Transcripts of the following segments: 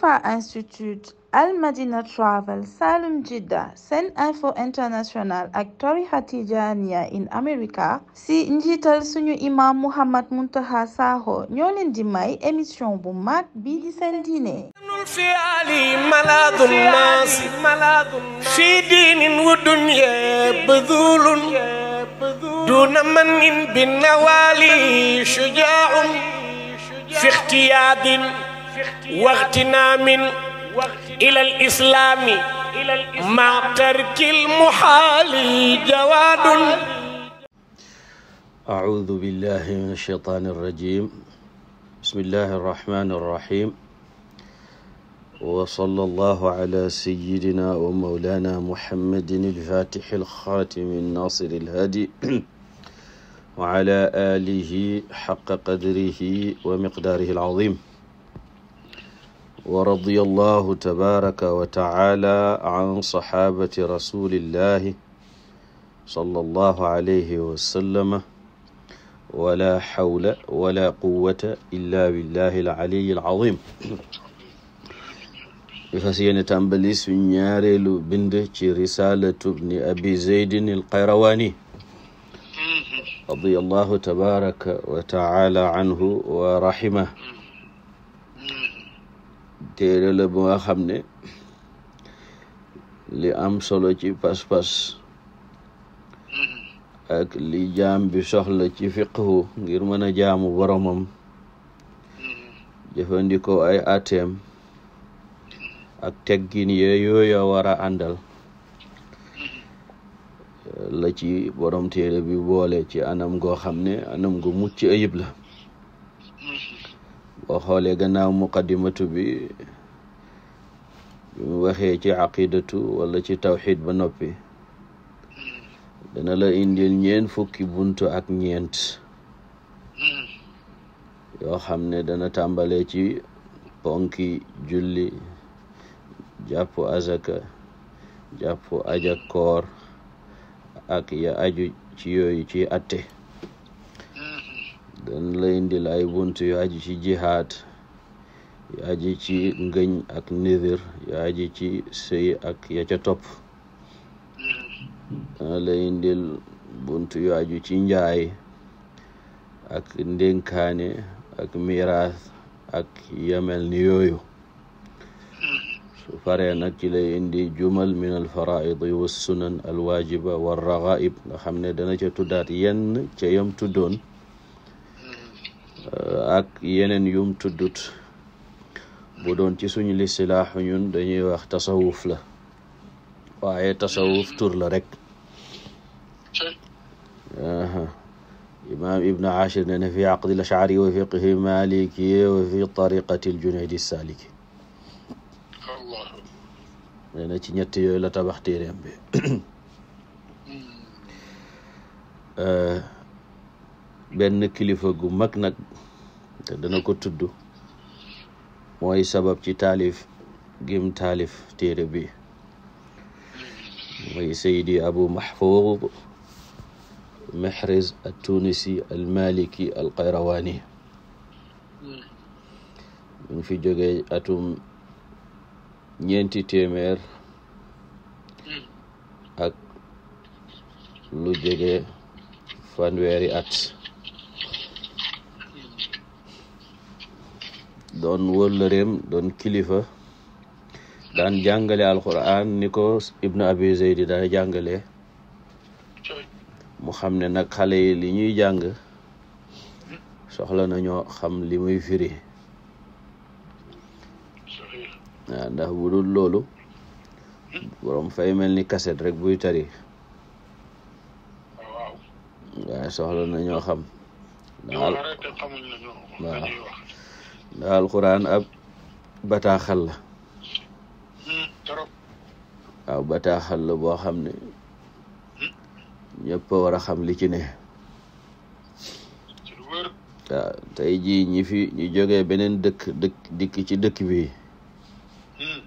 ITFA institute al madina travel salum jidda sen info international ak tarixa tijaaniya in america si njiital suñu imam muhammad muntaha sakho ñoo leen di may émission bu mag bii di seen diine fiali maladu nas fi diinin wa dunya badulun duna manin bi nawali shujaa fi ixtiyaadin واغتنا من إلى الإسلام مع ترك المحال جواد أعوذ بالله من الشيطان الرجيم بسم الله الرحمن الرحيم وصلى الله على سيدنا ومولانا محمد الفاتح الخاتم الناصر الهادي وعلى آله حق قدره ومقداره العظيم wa radiyallahu tabaaraka wa tacaala an saxaabati rasulillahi sallallahu alayhi wa sallama wala xawla wala quwwata illa billahi alcaliyi alcazim fas yéene tàmbali su ñaareelu bind ci risalatu bni abi zeydin alqayrawaani radiyallahu tabaaraka wa tacaala anhu wa raximah téere la boo xam ne li am solo ci pas-pas ak li jaam bi soxla ci fiqhu ngir mën a jaamu boromam jëfandikoo ay atem ak teggin ye yooya war a àndal la ci borom téere bi boole ci anam goo xam ne anam gu mucc ayib la boo xoolee gannaaw muqaddimatu bi bi mu waxee ci aqidatu walla ci tawxid ba noppi dana la indil ñeent fukki buntu ak ñeent yoo xam ne dana tàmbalee ci ponki julli jàpp azaka jàpp ajak ak ya aju ci yooyu ci atte dana la indil ay bunt yu aji ci jihaad yu aji ci ngëñ ak nidir yu aji ci sëy ak ya ca topp mm-hmm. la indil bunt yu aju ci njaay ak ndénkaane ak miraas ak yemel ni yooyu mm-hmm. su paree nag ci la indi jumal min al faraid wa sunan al waajiba wa ragaib nga xam ne dana ca tuddaat yenn yam tuddoon Euh, ak yeneen yum tuddut bu doon ci suñu lisilaaxu ñun dañuy wax tasawuf la waaye tasawuf tur la rek imaam ibnu ashir ne fi aqdi lashari wa fiqhi fi tariqati ljunaydi saliki nee na ci ñett yooyu la tabax téeréem bi hmm. euh, benn kilifa gu mag nag te dana ko tudd mooy sabab ci taalif gim taalif téere bi mooy saydi abu mahfoud mehriz al tunisi al maliki al qayrawani mu fi jógee atum ñeenti téeméer ak lu jege fanweeri at doon wëllëreem doon kilifa daan jàngale alquran ni ko ibnu abi zeydi daan jàngale mu xam ne nag xale yi li ñuy jàng soxla na ñoo xam li muy firi waaw ndax bu dul loolu borom fay mel ni kaset rek buy tari waaye soxla nañoo xam waaw alxuraan ab bataaxal la hmm, waaw bataaxal la boo xam ne hmm. ñëpp a war a xam li ci ne waaw jii ñi fi ñu jógee beneen dëkk dëkk dikk ci dëkk bi hmm.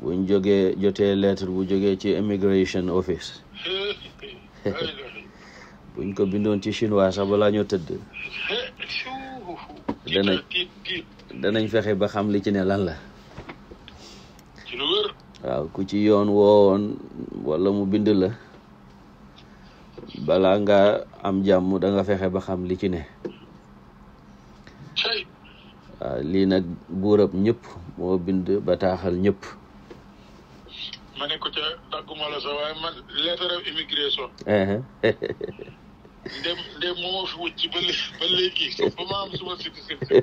buñ jógee jotee lettre bu jógee ci immigration office buñ ko bindoon ci chinois sax balaa ñoo tëdd danañ fexe ba xam li ci ne lan la waaw ku ci yoon woowoon wala mu bind la balaa nga am jàmm da nga fexe ba xam li ci ne waaw lii nag moo bind bataaxal ñépp ma dem dem moo fi wëcc ba léegi ba léegi ba ma am suma siti siti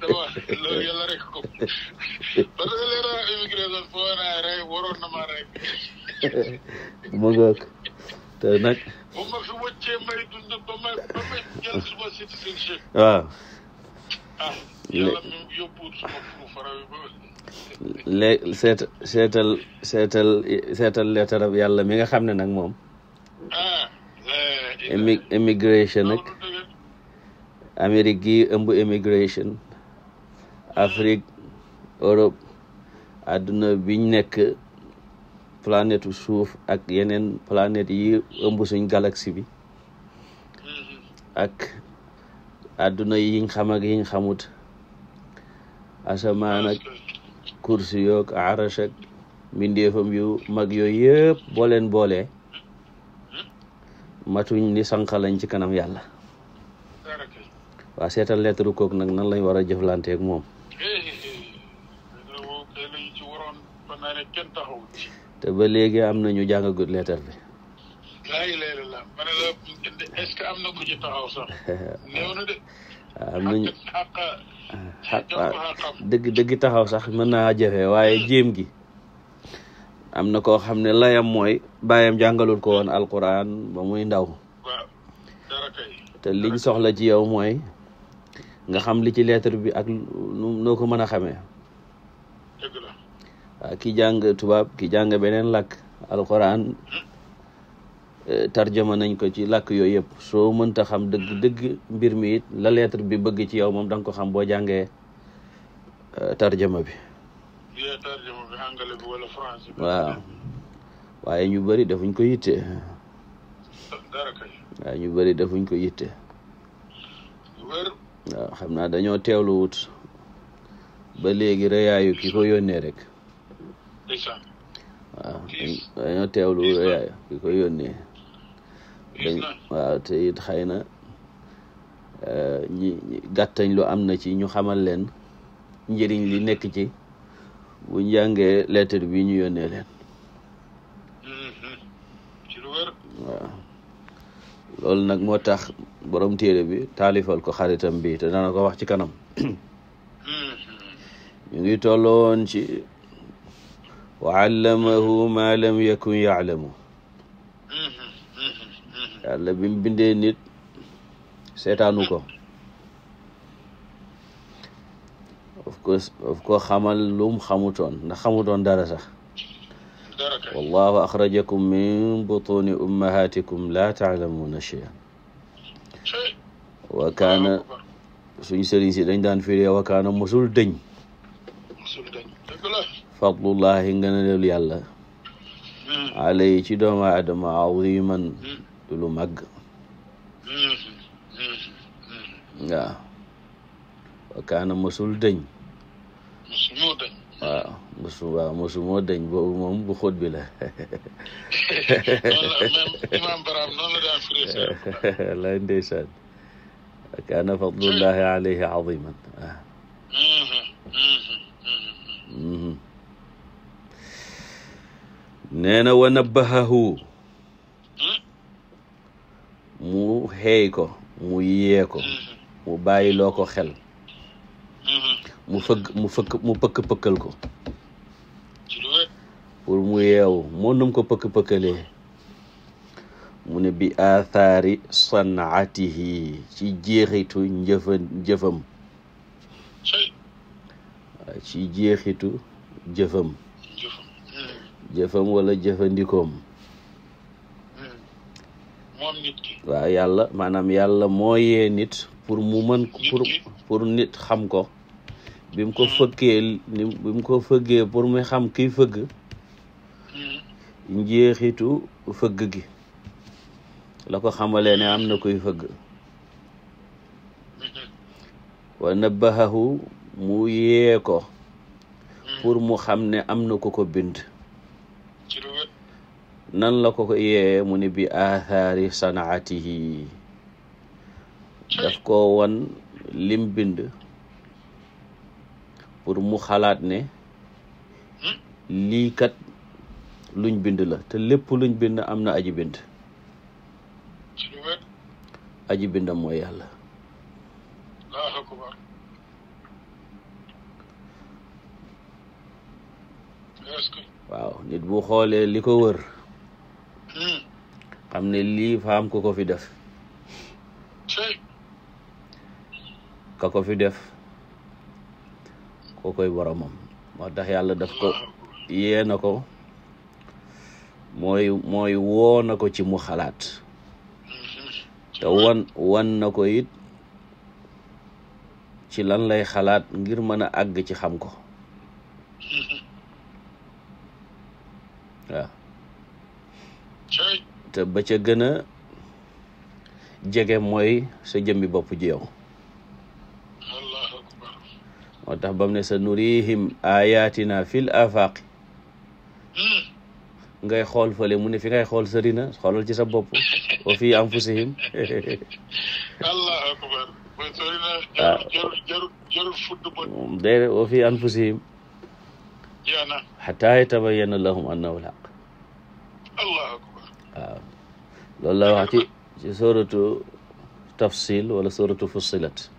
dama loolu yàlla rek ko parce que leer naa immigration foo naa rey waroon na maa rey mu ngoog te nag bu ma fi wëccee may dund ba ma ba ma jël suma siti siti waaw ah yàlla mi yóbbu suma pour faraw yi ba léegi seet seetal seetal seetal leetaram yàlla mi nga xam ne nag moom ah Eh, immigration nag Amérique gi ëmb immigration Afrique Europe àdduna biñ nekk planète suuf ak yeneen planet yi ëmb suñ galaxie bi mm-hmm. ak àdduna yiñ xam ak yiñ xamut asamaan ak kursi yoog arash ak mbindeefam yu mag yooyu yëpp booleen boole matuñ ni sànq ci kanam yàlla waa seetal lettre kooku nag nan lañ war a jëflanteeg moom te ba léegi am nañu ñu jàngagut lettre bi est am na ku ah, ah, taxaw sax néew na de mën naa waaye jéem gi am na koo xam ne layam mooy bàyyam jàngalul ko woon alquran ba muy ndaw te liñ soxla ci yow mooy nga xam li ci lettre bi ak noo ko mën a xamee ki jàng tubaab ki jàng beneen lakk làkk alquran eh, tarjama nañ ko ci lakk yooyu yëpp soo mënta xam dëgg dëgg mbir mi it la lettre bi bëgg ci yow moom danga ko xam boo jàngee eh, tarjama bi waaw waaye ñu bari defuñ ko yitte ñu bëri defuñ ko yitte waaw xam naa dañoo teewlu wut ba léegi rëyaayu ki ko yónnee rek waaw dañoo teewlu rëyaayu ki ko yónnee dañ waaw te it xëy na eh, ñi gàttañ lu am na ci ñu xamal leen njëriñ li nekk ci bu jàngee lettre bi ñu yónnee leen mm-hmm. waaw nag moo tax borom téere bi taalifal ko xaritam bi te dana ko wax ci kanam mm-hmm. ñu ngi tolloon ci wa allamahu ma lam yakun yaalamu mm-hmm. yàlla mu bindee nit seetaanu ko of course of ko xamal lum xamutoon ndax xamutoon dara sax wallahu axrajakum min butuni ummahatikum la taalamuuna cheyan wa kaana suñ sëriñ si dañ daan firee wa kaana mosul dëñ fadlullahi ngën a lelu yàlla hmm. alay ci doomu aadama aziman hmm. lu màgg hmm. waaw wa kaana mosul dëñ musumoo dañ waaw musu waaw musumoo dañ boobu moom bu xóot bi la imaam Baraam noonu la daan firee wallaay ndeysaan kaana fadlullahi alayhi aziman waaw ah. mhm. nee na wa nabbahahu hmm? mu xëy ko mu yee ko mhm. mu bàyyi loo ko xel mu fëgg mu fëkk mu pëkk pëkkal ko pour mu yeewu moo ko pëkk pëkkale mu ne bi aathaari sanaatihi ci jëfam ci jeexitu jëfam jëfam wala jëfandikoom hmm. waaw yàlla maanaam yàlla moo yee nit pour mu mën pour nit xam ko bi mu ko fëkkee ni bi mu ko fëggee pour mu xam kiy fëgg njeexitu fëgg gi la ko xamalee ne am na koy fëgg wa nabbahahu mu yee ko pour mu xam ne am na ku ko bind nan la ko ko yee mu ni bi aathaari sanaatihi daf ko won lim bind pour mu xalaat ne lii kat luñ bind la te lépp luñ bind am na aji bind aji bindam mo yàlla waaw nit bu xoolee li ko wër hmm. xam ne lii faam ko ko fi def ka ko fi def koy boromam moo tax yàlla daf ko yee na ko mooy mooy woo na ko ci mu xalaat te wan wan na ko it ci lan lay xalaat ngir mën a àgg ci xam ko waaw te ba ca gën a jege mooy sa jëmbi bopp ji yow moo tax ba mu ne sa nurihim ayatina fil afaqi ngay xool fële mu ne fi ngay xool sëri na xoolal ci sa bopp wa fi anfusihim allah akbar waaw ah. déedéet wa fi anfusihim xataa yatabayyana lahum annahu alhaq allah akbar waaw ah. loolu la wax ci ci suratu tafsil wala suratu fussilat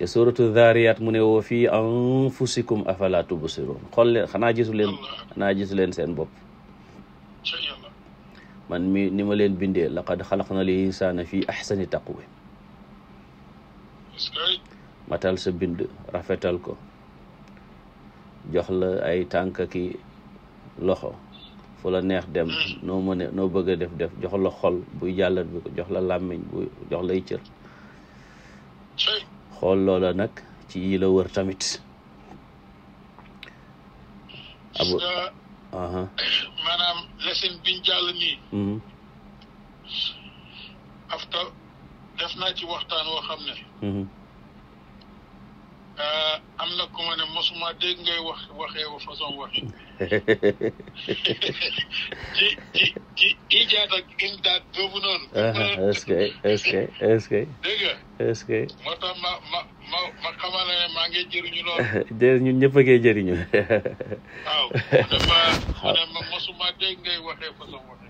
ca suratu Zariyat mu ne woo fii anfusikum afala tubsiruun xool leen xanaa gisu leen xanaa gisu leen seen bopp man mi ni ma leen bindee laqad xalaqna li insaana fii ahsani taqwim matal sa bind rafetal ko jox la ay tànk ki loxo fu la neex dem noo mëne noo bëgg a def def jox xol buy jàllat bi ko jox la làmmiñ bu jox lay cër xool loola nag ci yi la wër tamit abu aha maanaam lesin biñ jàll nii mhm. afta def naa ci waxtaan woo xam ne mhm. Euh, am na ku ne mosuma dégg ngay wax façon waxi ci ci ci ijaat ak indaat boobu noonu. Ah, est-ce que est-ce que ma ma maa ngi jëriñu loolu. déedéet ñun ñëpp a ngi waaw dama mosuma dégg ngay waxee façon waxi.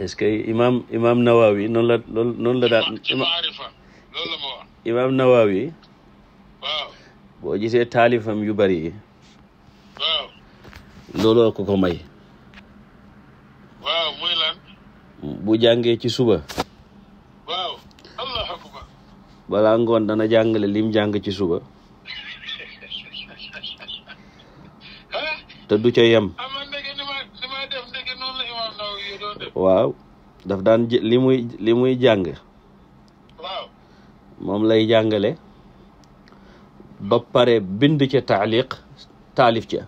est-ce imaam imaam Nawawi noonu la loolu imaam Nawawi. boo gisee taalifam yu bari yi waaw may bu jàngee ci suba waaw allahu akbar balaa ngoon dana jàngale lim jàng ci suba te du ca yem ah, waaw daf daan li jàng moom lay jàngale ba bind ca taaliq taalif ca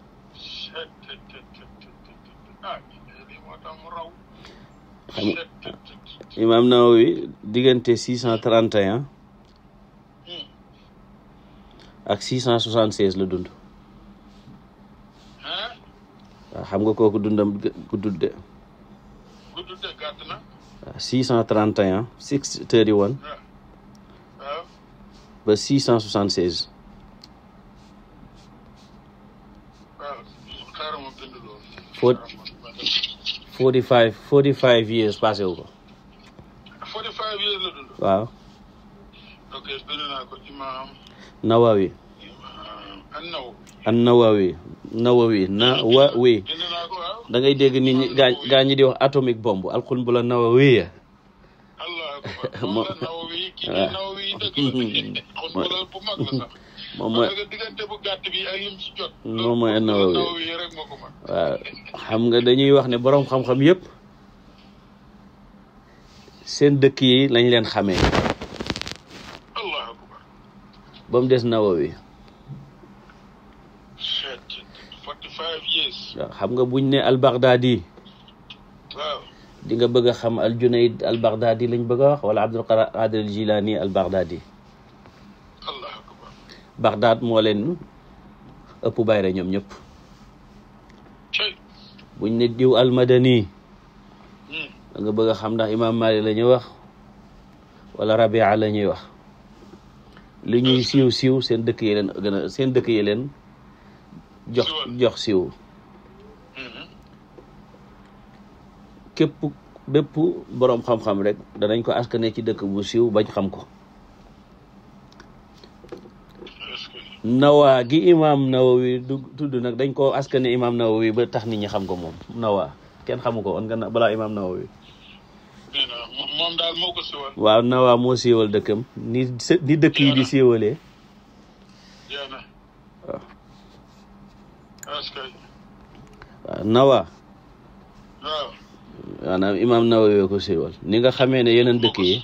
imaam Nawawi diggante six cent trente un ak six cent soixante seize la dund xam nga kooku dundam guddul de six cent trente un six thirty one ba six cent soixante seize fo forty five forty five years passé wu ko. forty five years la dund. waaw. ok bind naa ko imaam. Nawawi. dégg nit ñi gaa gaa atomic bomb alxun bu la Nawawi moom moom mooy diggante bu waaw xam nga dañuy wax ne boroom xam-xam yëpp seen dëkk yi lañ leen xame Allahu des Nawawi xam nga buñ ne al-Baghdadi di nga bëgg a xam al-Junayd al-Baghdadi lañ bëgg a wax wala Abdul Qadir jilani al Bagdad moo leen ëpp bayre ñoom ñëpp buñ ne diw almadani hmm. da nga bëgg a xam ndax imam Malik la ñuy wax wala Rabia la ñuy wax li ñuy siiw siiw seen dëkk yi leen gën a seen dëkk yi leen jox jox siiw hmm. képp bépp boroom xam-xam rek danañ ko askane ci dëkk bu siiw bañ xam ko nawaa gi imaam nawawi du tudd nag dañ koo askane imaam nawawi ba tax nit ñi xam ko moom nawa kenn xamu ko on nga balaa imaam nawawi moom waaw nawaa moo siiwal dëkkam ni dëkk yi di siiwalee waaw waaw nawaa maanaam imaam nawawi ko siiwal ni nga xamee ne yeneen dëkk yi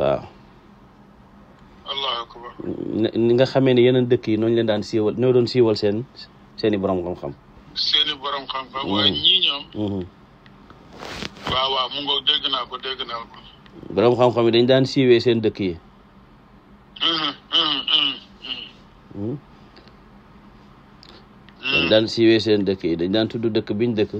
waaw ni nga xamee ne yeneen dëkk yi nooñu leen daan siiwal ñoo doon siiwal seen seen i borom xam-xam. seen i borom xam-xam. Mm-hmm. waaye mm-hmm. xam dañ daan siiwee seen dëkk yi. Mm-hmm, dañ daan siiwee seen dëkk yi dañ daan tudd dëkk biñ dëkk.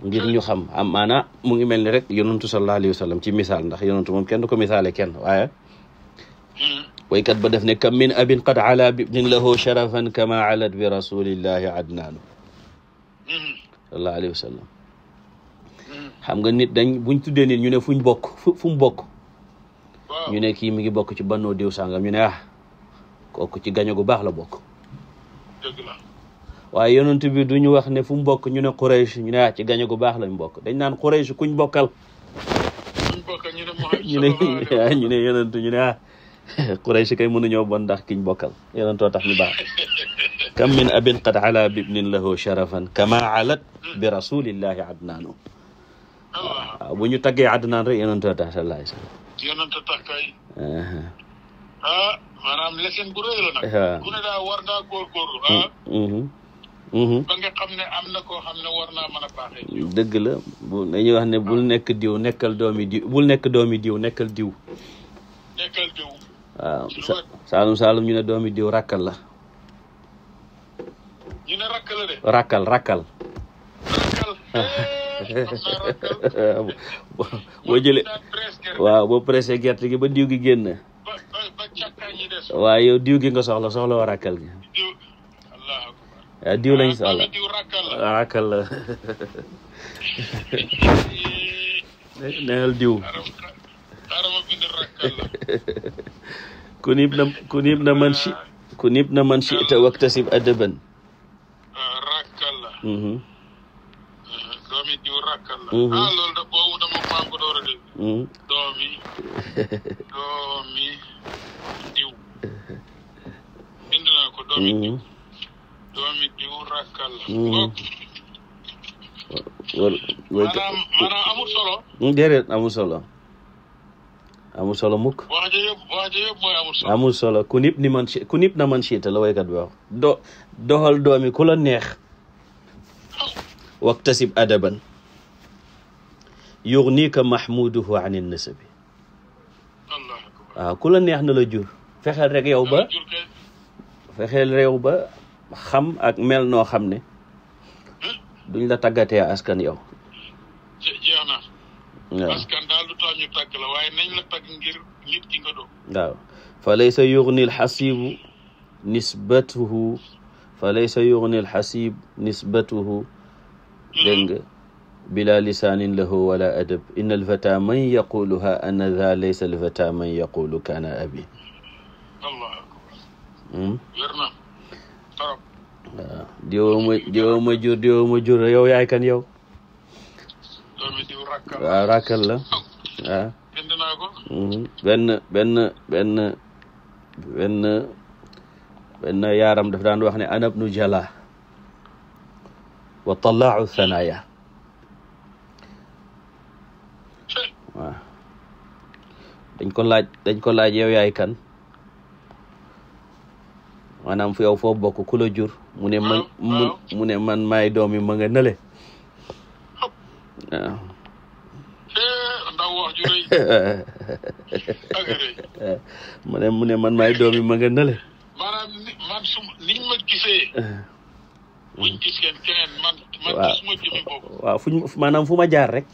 ngir ñu xam am maana mu ngi mel ni rek yonantu sallallahu alayhi wa sallam ci misaal ndax yonantu moom kenn ko misaale kenn waaye waykat ba def ne kam min abin qad ala bibnin lahu sharafan kama alat bi rasulillahi adnaanu sallallahu alayhi wa sallam xam nga nit dañ buñ tuddee nit ñu ne fuñ bokk fu mu bokk ñu ne mi ngi bokk ci bannoo diw sàngam ñu ne ah kooku ci gaño gu baax la bokk waaye yonent bi duñu wax ne fu mu bokk ñu ne Quraysh ñu ne ah ci gañe gu baax lañ bokk dañ naan Quraysh kuñ bokkal ñu ne ñu ne yonent ñu ne ah Quraysh kay mënuñoo ndax kiñ bokkal ñu baax kam min abin qad ala bibnin lahu sharafan kama alat bi rasulillahi adnaanu waaw taggee adnaan rek Mhm. ba nga xam am na koo xam ne war naa dëgg la bu dañuy wax ne ah. bul nekk diw nekkal doomi diw bul nekk doomi diw nekkal diw. nekkal diw. Ah, waaw Saalum Saalum ñu ne doomi diw rakkal la. ñu ne rakkal la de. Eh, boo jëlee waaw boo pressé gerte gi ba diw gi génn. ba ba càkkaay waaw yow diw gi nga soxla soxla wa rakkal gi. Eh, diw lañ si àll rakkal la neel ah, diw kunib na kunib na man shi ah. ita ah. waktasib adaban rakkal doomi diw rakkal la hmm. maanaam maanaam amul solo déedéet amul solo amul solo mukk wax ja yëpp wax ja yëpp mooy amul solo amul solo ku nib ni man ci ku nib na man ciita la waykat bi wax do doxal doomi ku la neex waktasib adaban yugnika mahmuduhu an nasabi waaw ah, ku la neex na la jur fexeel rek yow ba fexeel réew ba xam ak mel noo xam ne hmm? duñ la tàggatee askan yow. jeex na. waaw askan daal lu tax ñu tàgg la waaye nañ la tàgg ngir nit ki nga doon. waaw fa laysa yughni alxasibu nisbatuhu fa laysa yughni alxasib nisbatuhu dégg nga hmm. bila lisaanin lahu wala adab inna alfata man yaquluha ana dha laysa alfata man yaqulu kana abi. Allah. waaw diwoo ma diwoo ma jur diwoo ma la oh. waaw mhm. benn yaram benn daf daan wax ne ana bnu jala wa talaau thanaya waaw dañ ko laaj dañ ko laaj yow maanaam fu yow foo bokk ku la jur mu ne man mu ne man maay doom yi ma nga nële waaw eh, mu ne mu man maay doom yi ma nga nële maanaam fu ma jaar rek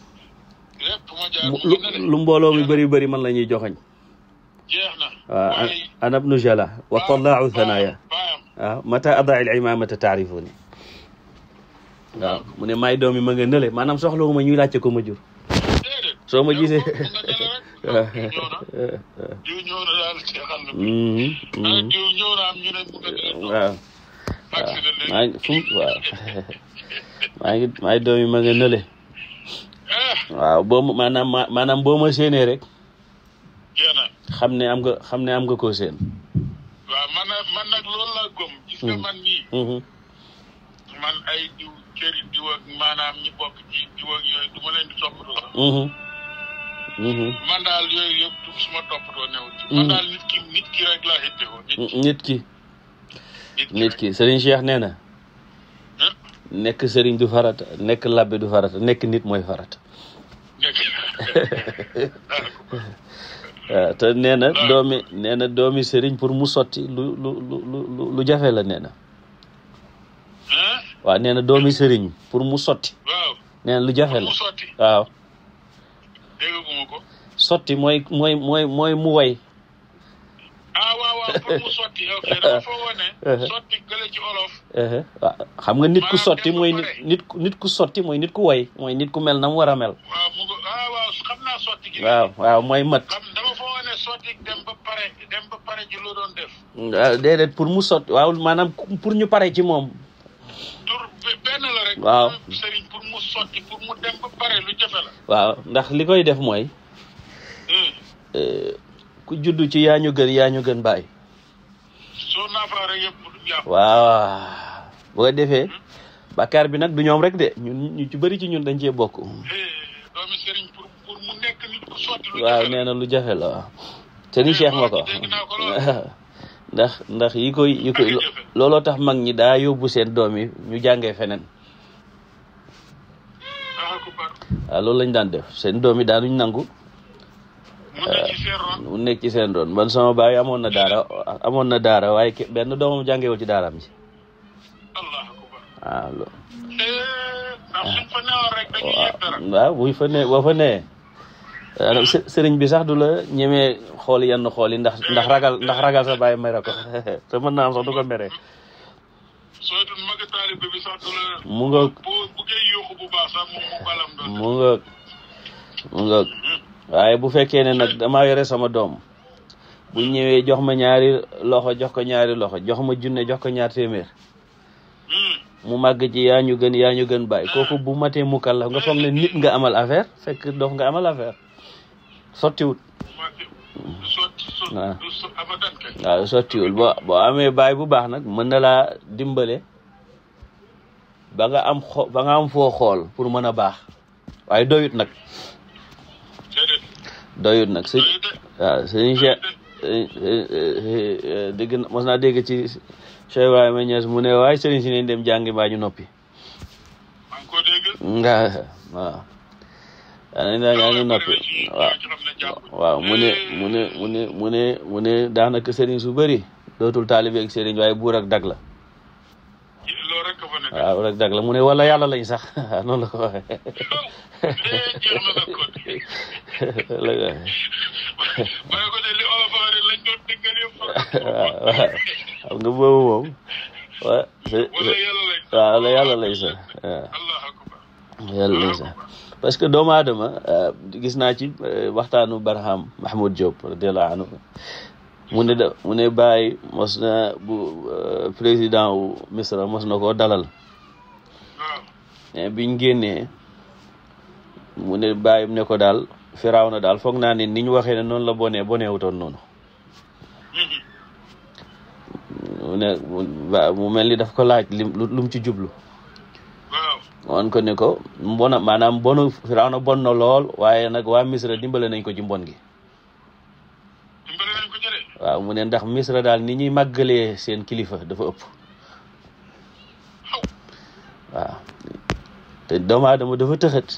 lu mbooloo bari bëri bëri man la ñuy joxañ waaw ana bnu jala wa talaau thanaya waaw mata adaa il imamata taarifuni waaw mu ne maay doomi ma nga nële maanaam soxlawu ma ñuy laajte ko ma jur soo ma gisee mm-hmm, ah, mm-hmm. waaw waaw fu waaw maa ngi maay doomi ma nga nële ah. waaw boo maanaam maanaam boo ma séenee rek xam ne am nga xam ne am nga koo seen. waaw man man nag loolu laa gëm. gis nga hmm. man nii. Hmm. man ay diw cëri diw ak maanaam ñi bokk ci diw ak yooyu du ma leen di toppatoo. Hmm. man daal yooyu yëpp du suma toppatoo new ci. man daal nit ki nit ki rek laa ittewoo. nit ki nit ki Serigne Cheikh nee na. nekk Serigne du farata nekk labbe du farata nekk nit mooy farata. Eh, te nee na doomi nee na doomi sëriñ pour mu sotti lu lu jafe la nee na waaw nee na doomi sëriñ pour mu sotti nee lu jafe la sotti mooy mooy mu way ah waaw xam nga nit ku sotti mooy nit nit ku sotti mooy nit ku way mooy nit ku mel na mu war a mel waaw waaw mooy mat xam dama fa wane pour mu sotti waaw maanaam pour ñu pare ci moom tur waaw ndax li koy def mooy hmm. eh, ku judd ci yaa ñu gën yaa gën bàyyi soo naafaa rek waaw bu defee hmm. bàkkaar bi nag du ñoom rek de ñun ñu ci bëri ci ñun dañ cee bokk eh, waaw nee na lu jafe la seex te ni ma ko ndax ndax yi koy yi tax mag ñi daa yóbbu seen doom yi ñu jànge feneen waaw loolu lañ daan def seen doom yi daanuñ nangu mu nekk ci seen doon man sama baay amoon na daara amoon na daara waaye benn doomam jàngewul ci daaraam ji waaw loolu eh, waaw buy fa ne boo sëriñ bi sax du la ñemee xool yenn xool yi ndax ndax ragal ndax ragal sa bàyyi mere ko naa du ko mere. mu ngoog mu ngoog waaye bu fekkee ne nag damaa yore sama doom bu ñëwee jox ma ñaari loxo jox ko ñaari loxo jox ma junne jox ko ñaar téeméer hmm. mu màgg ci yaa ñu gën yaa ñu gën bàyyi kooku bu matee mukallaf nga foog ne nit nga amal affaire fekk dof nga amal affaire. sottiwul waaw ah. sottiwul ah, boo amee baay bu baax nag mën na laa dimbale ba nga am foo xool pour mën a baax waaye doyut nag doyut nag sëñ waaw eh, eh, eh, na mos naa dégg ci Cheikh Ibrahima Niass mu ne waaye sëriñ si nañ dem jàngi ñu noppi waaw waaw yaa ngi noppi waaw waaw mu ne mu ne mu ne daanaka sëriñ su bëri dootul taalibe ak sëriñ waaye buur ak dag la waaw rek dag la ne wala yàlla lañ sax waaw la ko waxee waaw xam nga waaw wala yàlla lañ sax waaw yàlla lañ sax parce que doomu aadama euh, gis naa ci euh, waxtaanu Barham Mahmoud Diop radiallahu anhu mu ne da mu ne bàyyi mos na bu euh, président wu Misra mos na koo dalal mais biñ génnee mu ne bàyyi ne ko daal firaaw na daal foog naa ne ni ñu waxee ne noonu la bonee bonee wutoon noonu mm-hmm. mu mel ni daf ko laaj lu ci jublu wan ko ne ko mbona maanaam mbonu na bon na lool waaye nag waa Misra dimbale nañ ko ci mbon gi waaw mu ne ndax Misra daal ni ñuy màggalee seen kilifa dafa ëpp waaw te doomu aadama dafa tëxët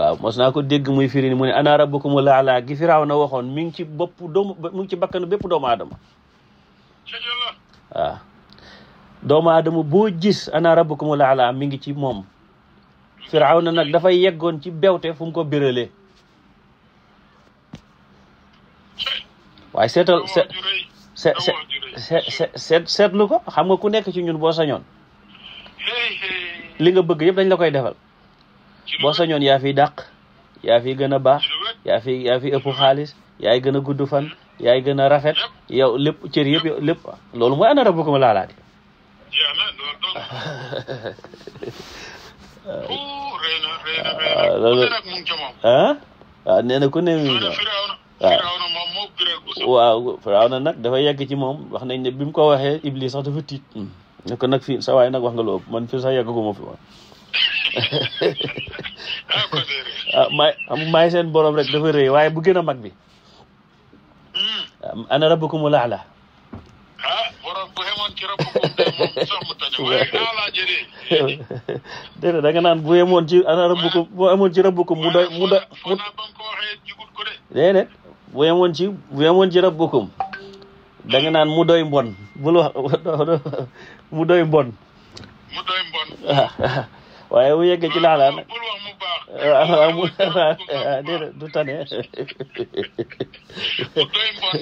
waaw mos naa ko dégg muy firi ni mu ne ana rabbukumu laala gi na waxoon mi ngi ci bopp doomu mi ci bakkanu bépp doomu waaw doomu aadama boo gis ana rabbukumul a'laa mi ngi ci moom firawna nag dafa yeggoon ci bewte fu mu ko béralee waaye seetal seet seet seetlu ko xam nga ku nekk ci ñun boo sañoon li nga bëgg yëpp dañ la koy defal boo sañoon yaa fi dàq yaa fiy gën a baax yaa fi yaa fi ëpp xaalis yaay gën a gudd fan yaay gën a rafet yow lépp cër yëpp lépp loolu mooy ana rabbukumul a'laa jeex na ah, ah, ku ne nag ah. waaw nee na ku ne. mu nag dafa yegg ci moom wax nañ ne bi mu ko waxee Iblis sax dafa tiit. Mm. ne ko nag fii sa waay nag wax nga lu man fii sax yegg ko ma maay maay seen borom rek dafa rëy waaye bu gën a mag bi. Mm. ana rabbukumul a'laa danga da nga naan bu yemoon ci ana bu yemoon ci rabbukum mu doy mu doy déedéet bu yemoon ci bu yemoon ci naan mu doy mbon bul wax mu doy mbon mu doy mbon waaye bu yeggee ci waaw déedéet du tane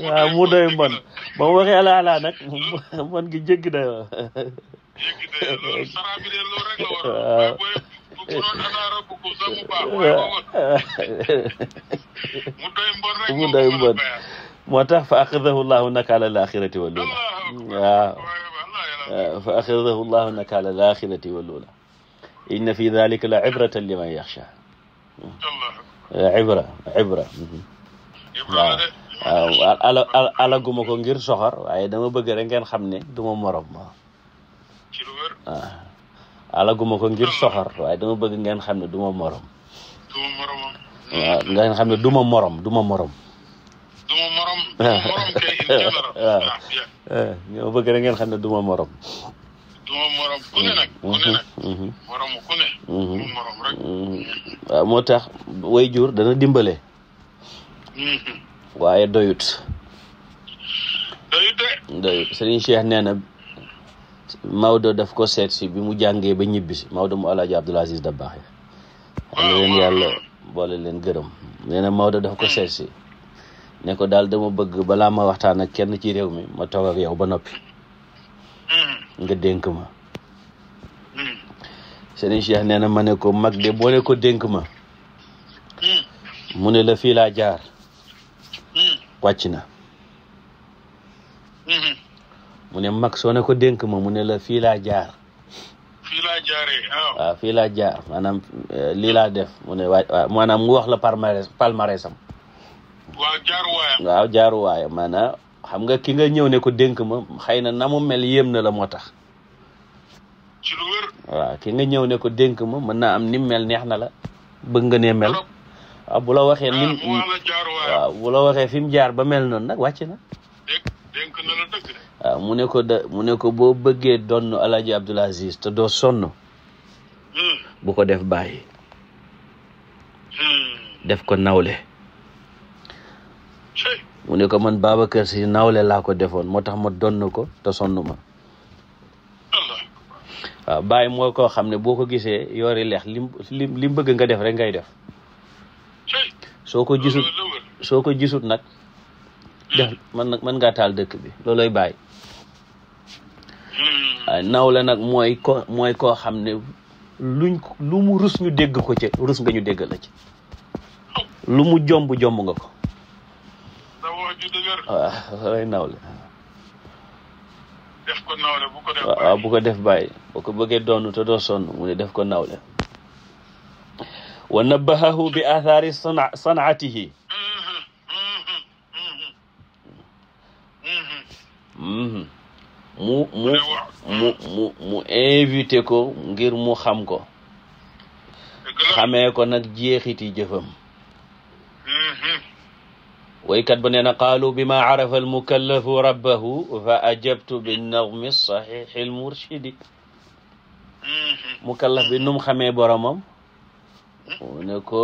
waaw mu doy mbon ba mu waxee laala nag mbon gi jéggi na waaw mu doy mbon moo tax fa axadahu llahu nakaala al axirati wal uula waaw fa axadahu llahu nakaala al axirati wal uula inna fi dalika la ibratan liman yaxsha ibra ibra waaw waaw alaguma ko ngir soxor waaye dama bëgg rek ngeen xam ne du ma morom waaw waaw alaguma ko ngir soxor waaye dama bëgg ngeen xam ne du ma morom waaw ngeen xam ne du ma morom du ma morom waaw waaw ah, eh, dama bëgg ngeen xam ne du ma morom Mhm. Mhm. Mhm. moo tax way jur dana dimbale. waaye doyut. doyut de. doyut Serigne Cheikh nee na Maodo daf ko seetsi bi mu jàngee ba ñibbisi si Maodo mu Alaaji Abdoul Aziz Dabakh. waaw waaw leen yàlla boole leen gërëm nee na Maodo daf ko mm. seet si. ko daal dama bëgg balaa ma waxtaan ak kenn ci réew mi ma toog ak yow ba noppi. Mm. nga dénk ma hmm. Serigne Cheikh nee na ma ne ko mag de boo ko dénk ma hmm. mu ne la fii laa jaar hmm. wàcc na mu ne mag soo ne ko dénk ma mu ne la fii laa jaar fii laa jaar maanaam eh, lii laa def mu ne waa mu wax la palmarès palmarès am waaw jaaruwaayam waaw jaaruwaayam maanaam xam nga ki nga ñëw ne ko dénk ma xëy na na mu mel yéem na la moo tax. ci lu nga ñëw ne ko dénk ma mën naa am ni mel neex na la bëgg nga nee mel. bula ah, bu waxee ni mu ah, waxee fi mu jaar ba mel noon nag wàcc na. Ah, mu ne ko mu ne ko boo bëggee donn El Hadj Abdoul Aziz te doo sonn. Hmm. bu ko def bàyyi. Hmm. def ko naw le mu ne ko man Babacar Si nawle laa ko defoon moo tax ma donn ko te sonn ma waaw bàyyi moo koo xam ne boo ko gisee yoori leex lim lim bëgg nga def rek ngay def soo ko gisut soo ko gisut nag man nag mën ngaa taal dëkk bi looloy bàyyi hmm. nawle nag mooy ko koo xam ne luñ lu mu rus ñu dégg ko ci rus nga ñu dégg la ci oh. lu mu jomb jomb nga ko ju dëgër. waaw lay nawle. def bu ko def bàyyi waaw ko def bàyyi bëggee doon te doo mu ne def ko nawle. wa nabbahahu bi aathaari sana mm-hmm. mu mu invité ko ngir mu xam ko xamee ko nag jeexiti jëfam mm-hmm. woykat ba nee na qaalu bima carafa almukallafu rabbahu fa ajabtu binnagmi saxiixi almurshidi mukallaf bi num xamee boromam mu ne ko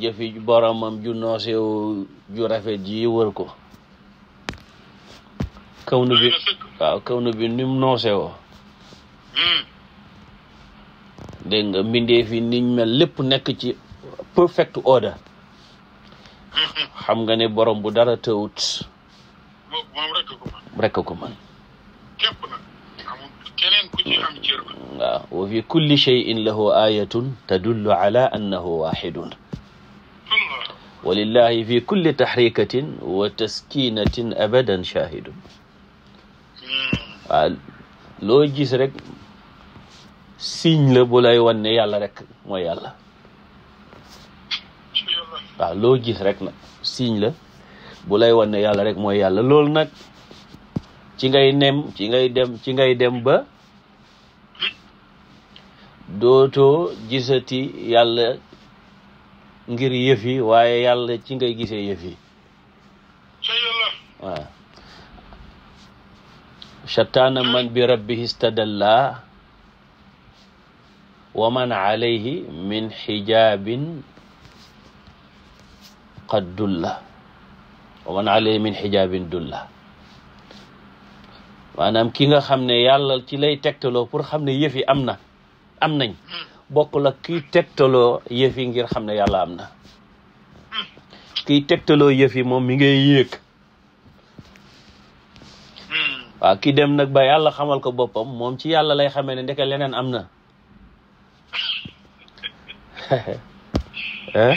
jëfi boromam ju noosewu ju rafet ji wër ko kawnu bi waaw kawnu bi num noosewoo dégg niñ mel lépp nekk ci perfect order xam nga ne borom bu dara tëwut rekk ko mën waaw wa fi kulli cheyin lahu ayatun tadullu ala annahu waxidun walillahi fi kulli taxrikatin wa taskinatin abadan shahidun hmm. waaw loo gis rek signe la bu lay wan ne yàlla rek mooy yàlla waaw loo gis rek nag signe la bu lay wan yàlla rek mooy yàlla loolu nag ci ngay nem ci ngay dem ci ngay dem ba dootoo gisati yàlla ngir yëfi waaye yàlla ci ngay gisee yëfi yi waaw chataana man bi rabbihi stadallaa wa man alayhi min xijaabin qad dulla wa man alayhi min xijaabin dulla maanaam ki nga xam ne yàlla ci lay tegtaloo pour xam ne yëf yi am na am nañ bokk la ki tegtaloo yëf ngir xam ne yàlla am na ki tegtaloo yëf yi moom mi ngay yéeg waaw ki dem nag ba yàlla xamal ko boppam moom ci yàlla lay xame ne ndeke leneen am na eh? Eh,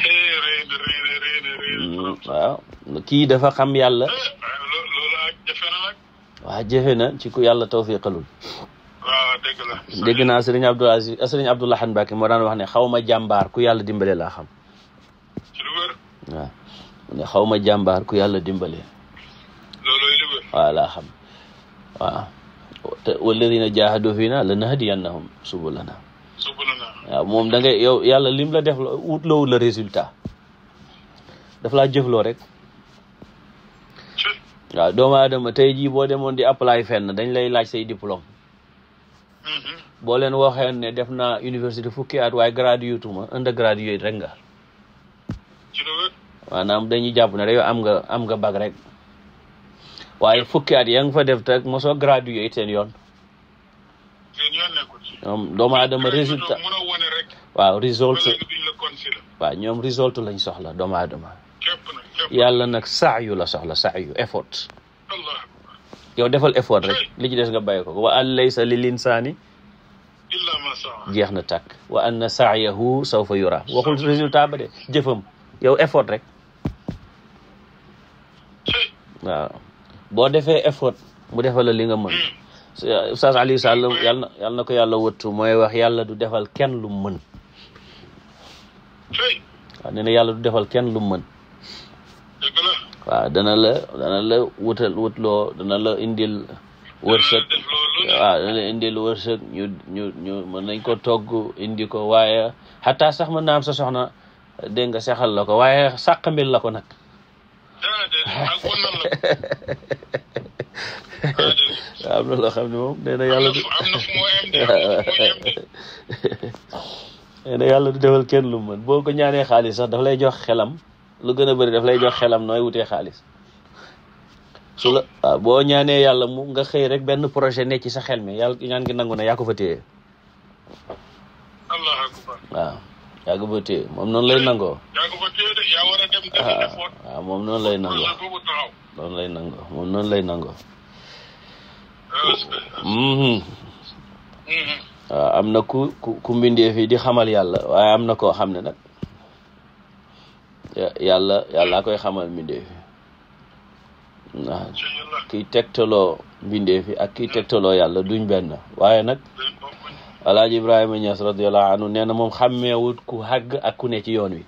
waaw kii dafa xam yàlla. Eh, eh, waaw jafe na ci ku yàlla tawfiqalul. waaw dégg la. dégg naa sëriñ Abdoul Aziz eh, sëriñ moo daan wax ne xaw ma jàmbaar ku yàlla dimbale laa xam. waaw ne xaw ma jàmbaar ku yàlla dimbale. loolooy lu wër. waaw laa xam waaw. te walladina jaahadu fiina lanahdiyannahum subulana. subulana waaw yàlla lim la def la la wut daf laa jëfloo rek waaw doomu aadama tey jii boo demoon di apply fenn dañ lay laaj say diplôme boo leen waxee ne def naa université fukki at waaye graduate ma undergraduate rek nga maanaam dañuy jàpp ne rek yow am nga am nga bag rek waaye fukki at yaa ngi fa def tak mosoo graduate seen yoon ñoom doomu aadama résultat waaw résultat ñoom résultat lañ soxla doomu aadama yàlla nag saayu la soxla saayu effort yow defal effort rek li ci des nga bàyyi ko wa an laysa lil insaani jeex na tàkk wa anna saayahu sawfa yura waxul résultat ba de jëfam yow effort rek waaw boo defee effort mu defal la li nga mën hmm. Oustaz Aliou Sall yàlla na ko yàlla wëttu mooy wax yàlla du defal kenn lu mën waaw nee yàlla du defal kenn lu mën waaw dana la la wutal wutloo dana la indil wërsëg waaw dana la indil wërsëg ñu ñu mën nañ ko togg indi ko waaye xataa sax ma naa am sa soxna dégg nga sexal la ko waaye sàqambil la ko nag am na loo xam ne moom nee na yàlla du nee kenn lu mu boo ko ñaanee xaalis sax daf lay jox xelam lu gën a bari daf lay jox xelam nooy wute xaalis su la ah, boo ñaanee yàlla mu nga xëy rek benn projet ne ci sa xel mi yàlla ñaan ngi nangu ne yaa ko fa téye allah waaw yaa moom noonu lay nangoo yaa ko fa ah, waaw lay nangoo ah, mm-hmm. Mm-hmm. am na ku ku ku mbindee di xamal yàlla waaye am na koo xam ne nag yàlla yàllaa koy xamal mbindeef yi waaw kiy tegtaloo ak kiy tegtaloo yàlla duñ benn waaye nag alaaji ibrahima ñas radiallahu anhu nee na moom xàmmeewut ku xàgg ak ku ne ci yoon wi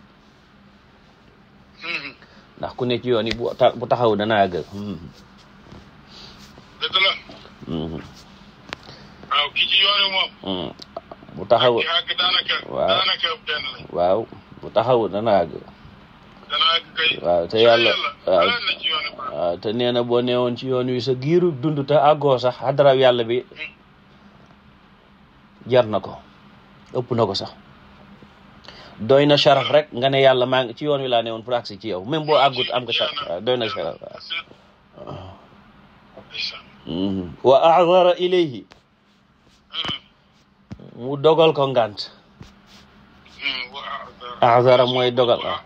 ndax ku ne mm-hmm. yoon wi mm. bu bu taxaw dana àggal dëgg waaw te yàlla waaw te nee na boo neewoon ci yoon wi sa giiru dund te àggoo sax xadaraw yàlla bi jar na ko ëpp na ko sax doy na charaf rek nga ne yàlla maa ngi ci yoon wi laa newoon pour agsi ci yow même boo am nga charaf na charaf waaw mhm. wa ahdara ilayhi mu dogal ko ngant mhm, ahdara mooy dogal waaw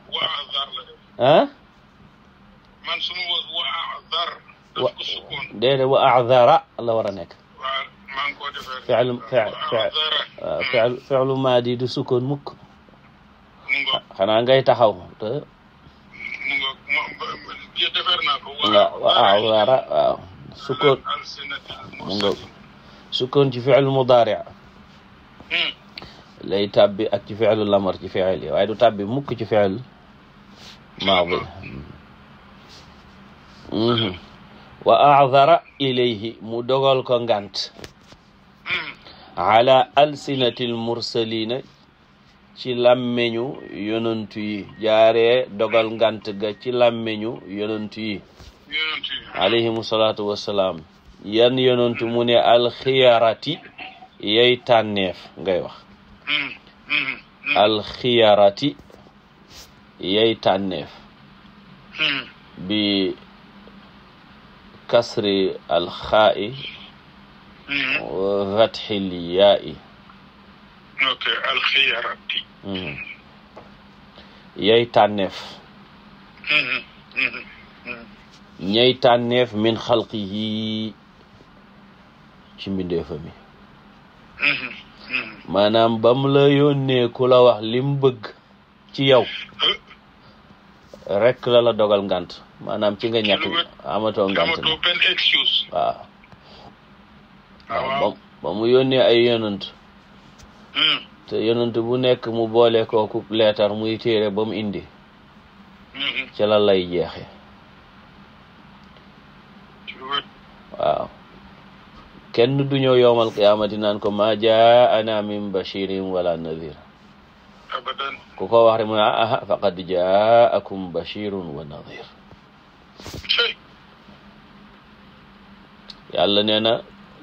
ah man su ma woo wa adar la war a nekk filu filu hmm. filu maadi du sukkoon mukk xanaa ngay taxaw te wa adara waaw sukkoon mu nga sukkoon ci filu mudaari hmm. lay tàbbi ak ci filu lamar ci fiil yi waaye du tàbbi mukk ci fiil maadi mhm. wa ahdara ilayhi mu dogal ko ngant mm. ala alsinati almursalina ci làmmeñu yonantu yi jaaree dogal ngant ga ci làmmeñu yonantu yi alayhimu salaatu wassalaam yan yonantu mu ne alxiyarati yay tànneef ngay wax mm. Mm. alxiyarati yay tànneef hmm. bi kasri alxaa'i hmm. wa fatxil yaa'i ok alxiyarati hmm. yay tànneef ñay min xalqihi ci mbindeefa mi maanaam ba mu la yónnee ku la wax lim bëgg ci yow euh, rek lala dogal ngant maanaam ci nga ñàkk amatoo ngant waaw ah, ba mu yónnee ay yonant hmm. te yonant bu nekk mu boole kooku leetar muy téere ba mu indi hmm. ca la lay jeexe waaw kenn du ñëw yowmal qiyaamati ko ma jaa ana bashirin wala nadhir ku ko wax rek mu ne aha faqad jaakum bashirun wa nadir yàlla nee na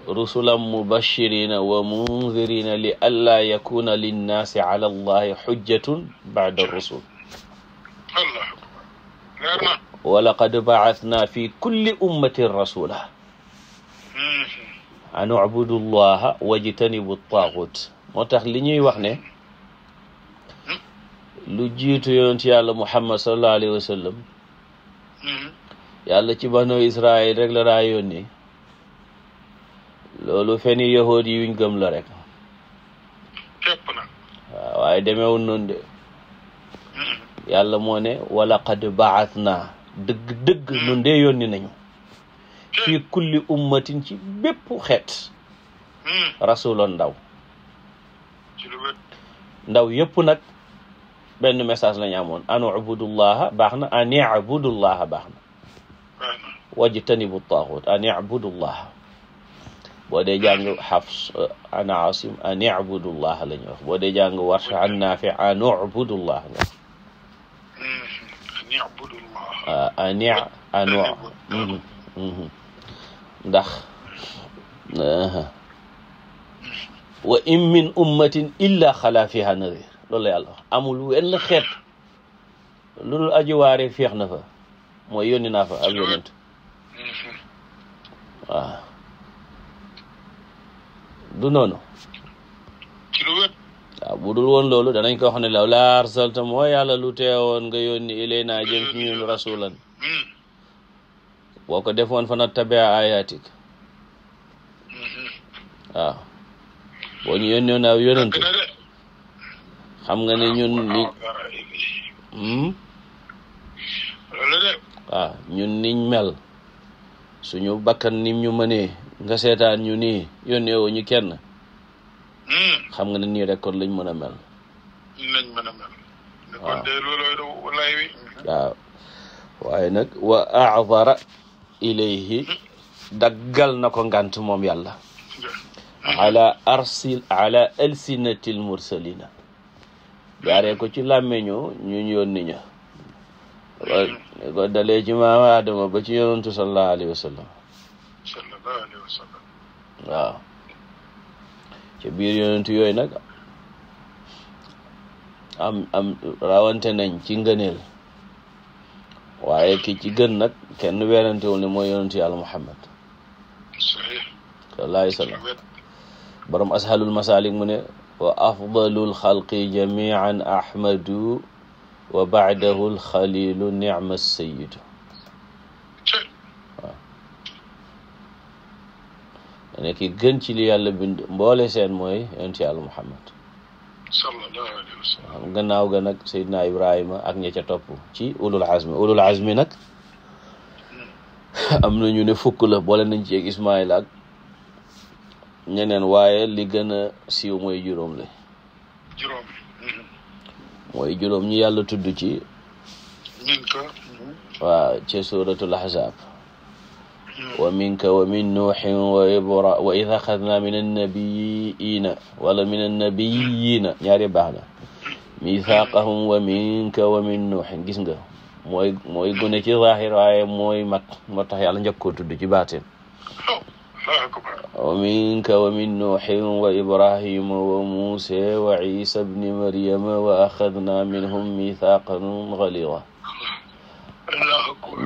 rusulan mubashirina wa mundirina li allaa yakuna linnaasi ala allahi xujjatun bacda rusul wa laqad bacatna fi kulli ummatin rasula mhm. an ubudu allaha wajtanibu taaxut moo tax li ñuy wax ne lu jiitu yonent yàlla muhammad sallallahu alayhi wa mm-hmm. yàlla ci banu israil rek la daa yónni loolu feni yahood yuñ gëm la rek waaye demeewul noonu de mm-hmm. yàlla moo ne walaqad ba'athnaa dëgg dëgg nun mm-hmm. dee yónni nañu fii kulli ummatin ci bépp xeet rasuloon ndaw ndaw yëpp nag benn message la ñu amoon an ubudullaha baax na an ibudullaha baax na wajtanibu taaxut an ibudullaha boo dee jàng xafs eh, an asim an ibudullaha la ñu wax boo dee jàng warsh an naafi an ubudullaha nga waaw an ah, anu mhm, mhm. ndax wa in min ummatin illa xala fiha nadir loolu la yàlla wax amul wenn xeet lu dul ajuwaare féex na fa mooy yónni naa fa ab yónent du noonu waaw bu dul woon loolu danañ ko wax ne law laa arsalta moo yàlla lu teewoon nga yónni ilaynaa jëm ci ñun rasulan boo ko defoon fa nattabia ayatik mm-hmm. waaw boo ñu yónnoon aw yónent xam nga ne ñun ah, ni waaw hmm? ah, ñun niñ mel suñu bakkan ni ñu mënee nga seetaan ñu ni yónnee woo ñu kenn hmm. xam nga ne nii rek kon lañ mën a mel lañ mën ah. waaw waaw nag wa aadara ilayhi hmm. daggal na ko ngant moom yàlla ala arsil alsinati almursalina jaaree ko ci làmmiñu ñu ñu yónni ko dalee ci maam Aadama ba ci yonantu sallallahu alayhi wa sallam waaw ci biir yonantu yooyu nag am am nañ ci ngëneel waaye ki ci gën nag kenn werantewul ne mooy yonantu yàlla Muhammad sallallahu alayhi wa ashalul masalik mu wa afdalu lxalqi jamian ahmadu wa baadahu lxalilu nicma sayidu waaw ne ki gën ci li yàlla bind mboole seen mooy yonent yàlla Muhammad sallallahu alayhi wa sallam gannaaw ga nag Seydina Ibrahima ak ña ca topp ci ulul azmi ulul azmi nag hmm. am na ñu ne fukk la boole nañ ci ak Ismaayil ak ñeneen waaye li gën a siiw mooy juróom la mooy juróom ñi yàlla tudd ci minka waaw ci suuratul ahzaab wa hmm. minka wa min nuuxin wa ibra wa id axadna min annabiyiina wala min annabiyiina ñaari baax na misaaqahum wa minka wa min nuuxin gis nga mooy mooy gune ci zaahir waaye mooy mat moo tax yàlla njëkk tudd ci baatin oh. ومنك ومن نوح وإبراهيم وموسى وعيسى ابن مريم وأخذنا منهم ميثاقا غليظا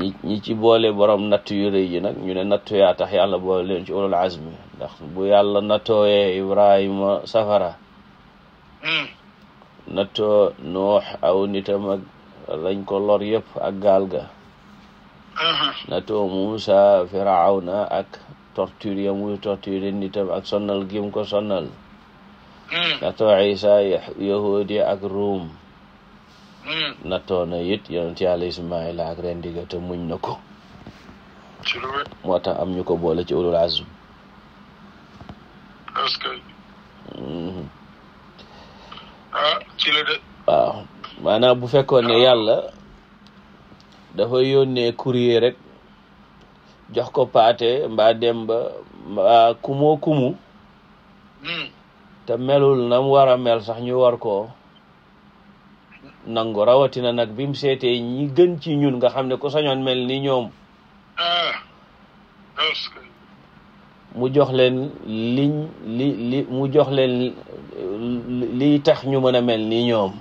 ñi ñi ci boole borom nattu yu rëy yi nag ñu ne nattu yaa tax yàlla boole leen ci ulul azmi ndax bu yàlla nattooyee Ibrahima safara hmm. nattoo Nuux aw nitam ak lañ ko lor yëpp ak gaal ga hmm. nattoo Muusa Firawna ak torture ya muy torture nitam ak sonnal gim ko sonnal nattoo hmm. isa yahudi ak ruum hmm. nattoo na it yonent yàlla ismaila ak ren diga te muñ na ko moo tax am ñu ko boole ci ulul azm hmm. ah, waaw maanaam bu fekkoon ne ah. yàlla dafa yónnee courrier rek jox ko paate mbaa demba mbaa kumoo kumu hmm. te melul nam war a mel sax ñu war ko nangu rawatina nag bi mu seetee ñi gën ci ñun nga xam ne ku sañoon mel ni ñoom ah. mu jox leen li mu jox leen liy tax ñu mën a mel ni ñoom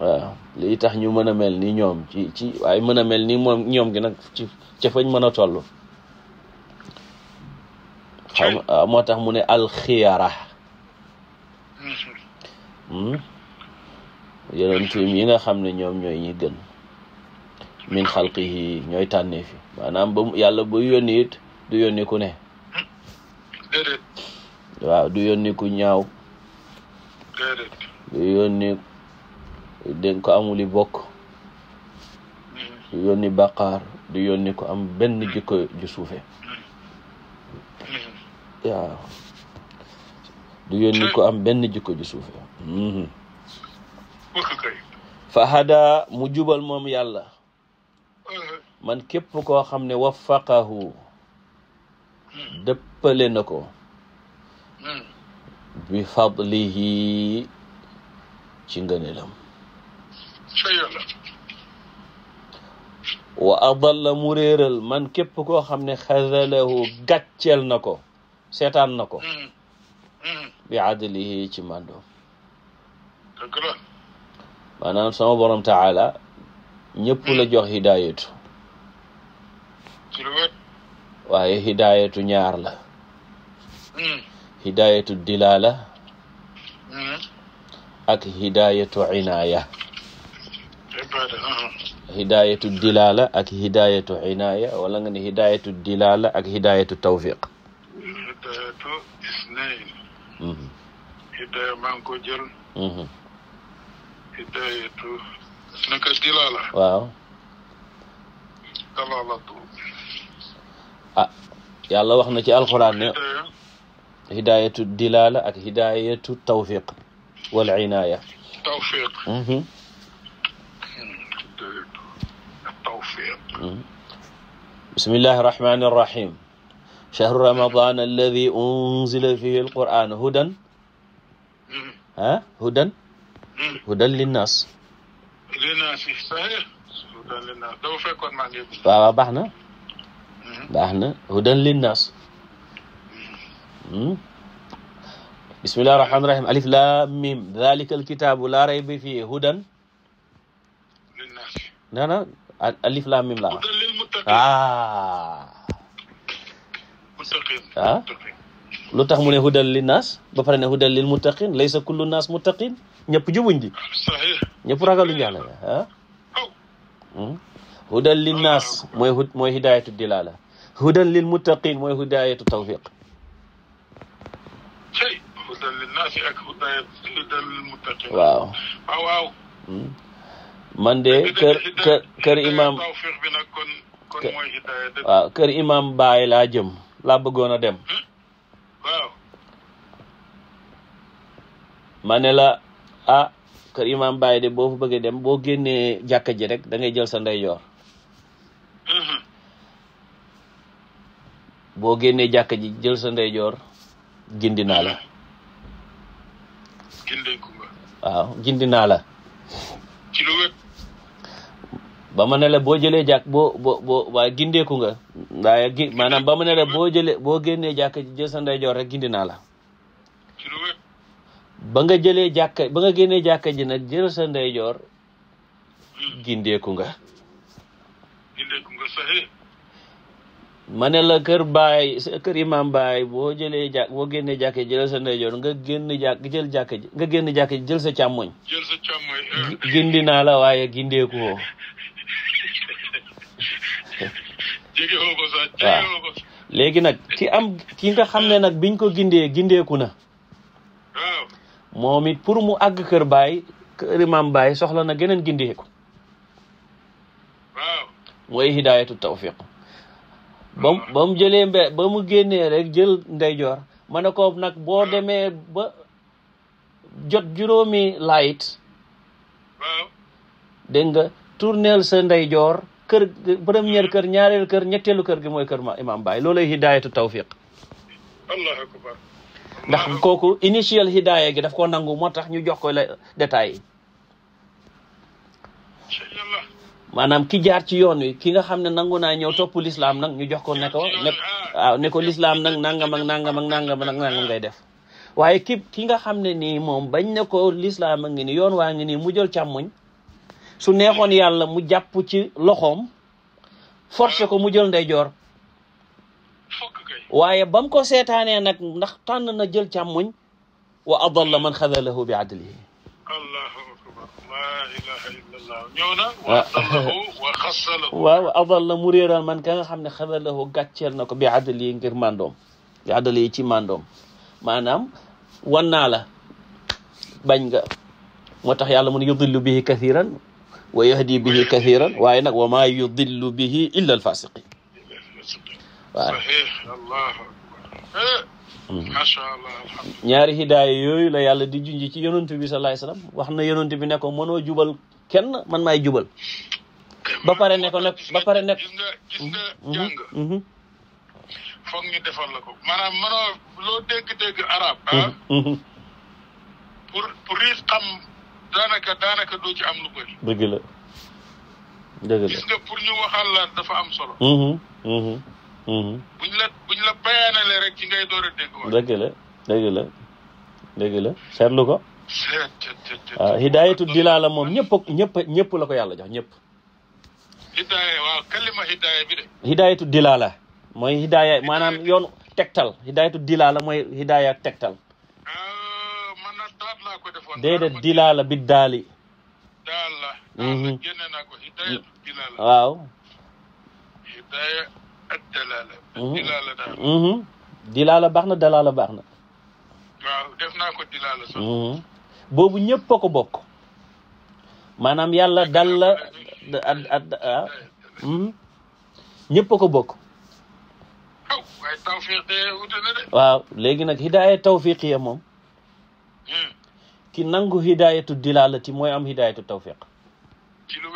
waaw lii tax ñu mën a mel ni ñoom ci ci waaye mën a mel ni moom ñoom gi nag ci ca fañ mën a toll moo tax mu ne alxiyara hmm? yonentum yi nga xam ne ñoom ñooy ñi gën min xalqihi ñooy tànnee fi maanaam ba yàlla bu yónni it du yónni ne hmm? waaw du yónni ñaaw du yónni dénk ko amuli bokk du mm-hmm. yónni bàqaar du yónni ko am benn jikko ju suufe mm-hmm. waaw du yónni ko am benn jikko ju suufe mm-hmm. fa hada mu jubal moom yàlla man képp koo xam ne waffaqahu dëppale na ko bi fadlihi ci ngëneelam ca yàlla wa adalla man képp koo xam ne xazalahu gàcceel na ko seetaan na ko hmm. Hmm. bi adlihi ci màndoom dëgg la maanaam sama borom taala ñëpp la hmm. jox hidaayatu waaye hidaayatu ñaar la hidaayatu dilaala ak hidaayatu inaaya hidayatu dilala ak hidayatu inaya wala nga ne hidayatu dilala ak hidayatu tawfiq hidayatu isnayn mhm. hidaya maa ngi ko jël mhm. hidayatu naka dilala waaw dalalatu ah yàlla wax na ci alxuraan ne hidayatu dilala ak hidayatu tawfiq wal inaya tawfiq mhm. bismillahi irrahmani irrahim chahru ramadan alladi unzila fihi alquran hudan ah hudan hudan linnaas linnaas hudan linnaas dama fekkoon maa ngi waaw waaw baax na mhm. baax na hudan linnaas hmm? bismillahi rahmaani rahim alif laam mim dalika alkitaabu laa rayba fiihi hudan linnaas alif laam mim laa ah ah lu tax mu ne hudal li naas ba pare ne hudal lil muttaqin laysa kullu naas muttaqin ñëpp jubuñ di ñëpp ragaluñ yàlla ah hmm? hudal lin naas mooy hud mooy hidayatu lil muttaqin mooy hidayatu tawfiq man de kër kër kër imaam waaw kër imaam Baay laa jëm laa bëggoon a dem hmm? ma ne la ah kër imaam Baay de boo fa bëggee dem boo génnee jàkka ji rek da ngay jël sa ndeyjoor hmm. boo génnee jàkka ji jël sa ndeyjoor gindi la hmm. waaw gindi naa la ba ma ne la boo jëlee jàkk boo boo boo waaye gindeeku nga waaye gi maanaam ba ma ne la boo jëlee boo génnee jàkk ji jël sa ndeyjoor rek gindi naa la ba nga jëlee jàkk ba nga génnee jàkk ji nag jël sa ndeyjoor eh. gindeeku nga ma ne la kër baay kër imam baay boo jëlee jàkk boo génnee jàkk ji jël sa ndeyjoor nga génn jàkk ji nga génn jàkk ji jël sa càmmoñ gindi naa la waaye gindeeku woo léegi nag ki am ki nga xam ne nag biñ ko gindee gindeeku na moom pour mu àgg kër baay kër baay soxla na geneen gindeeku mooy hidaayatu tawfiq ba mu ba mu jëlee mbe ba mu génnee rek jël ndeyjoor ma ne ko nag boo demee ba jot juróomi laayit dégg nga tourneel sa ndeyjoor kër première kër ñaareelu kër ñetteelu kër gi mooy kër ma imam Baye loolay hidayatu tawfiq allahu ndax kooku initial hidaya gi daf ko nangu moo tax ñu jox ko la détails yi maanaam ki jaar ci yoon wi ki nga xam ne nangu naa ñëw topp lislaam nag ñu jox ko ne ne ko lislaam nag nangam ak nangam ak nangam ak nangam ngay def waaye ki ki nga xam ne nii moom bañ ne ko lislaam a ngi ni yoon waa ngi nii mu jël càmmoñ su neexoon yàlla mu jàpp ci loxoom forcé ko mu jël ndeyjoor waaye bam ko seetaanee nag ndax tànn na jël càmmuñ wa adalla man xadalahu bi adlihi allahu akbar laa ilaha allah ñëw na ah. wa xasalahu waaw mu réeral man ka nga xam ne xadalahu gàcceel na ko bi adlihi ngir mandoom bi adlihi ci mandoom maanaam wan naa la bañ nga moo tax yàlla mun yudillu bihi kathiran wa yahdi bihi kathiran waaye nag wa maa yudillu bihi illa alfasiqin waaw ñaari hidaaya yooyu la yàlla di junj ci yonent bi sallallahu alayhi wasallam wax na yonent bi ne ko mënoo jubal kenn man maay jubal ba pare ne ko nag ba pare ne gis nga gis nga mhm. Mhm. jàng mhm. foog ñu defal la ko maanaam mënoo loo dégg-dégg arab ah pour pour xam daanaka daanaka am lu bëri. dëgg la dëgg la gis nga la dafa mm-hmm. Mm-hmm. Mm-hmm. la buñ la bayaanalee rek ci ngay door la dëgg la dëgg la ah, dilaala moom ñëpp ñëpp ñëpp la ko yàlla jox ñëpp. hidaaya waaw kalima hidaaya bi de. hidaayatu dilaala mooy hidaaya maanaam yoonu tegtal hidaayatu dilaala mooy hidaaya tegtal. déedéet dilaala bi mhm. waaw mhm. dilaala mhm. baax na dalaala baax na waaw def naa boobu ñëpp ko bokk maanaam yàlla dal la ah. a ñëpp ko bokk waaw léegi nag hidaaya tawfiqiya moom hmm. ki nangu hidayatu dilalati mooy am hidayatu tawfiq ci lu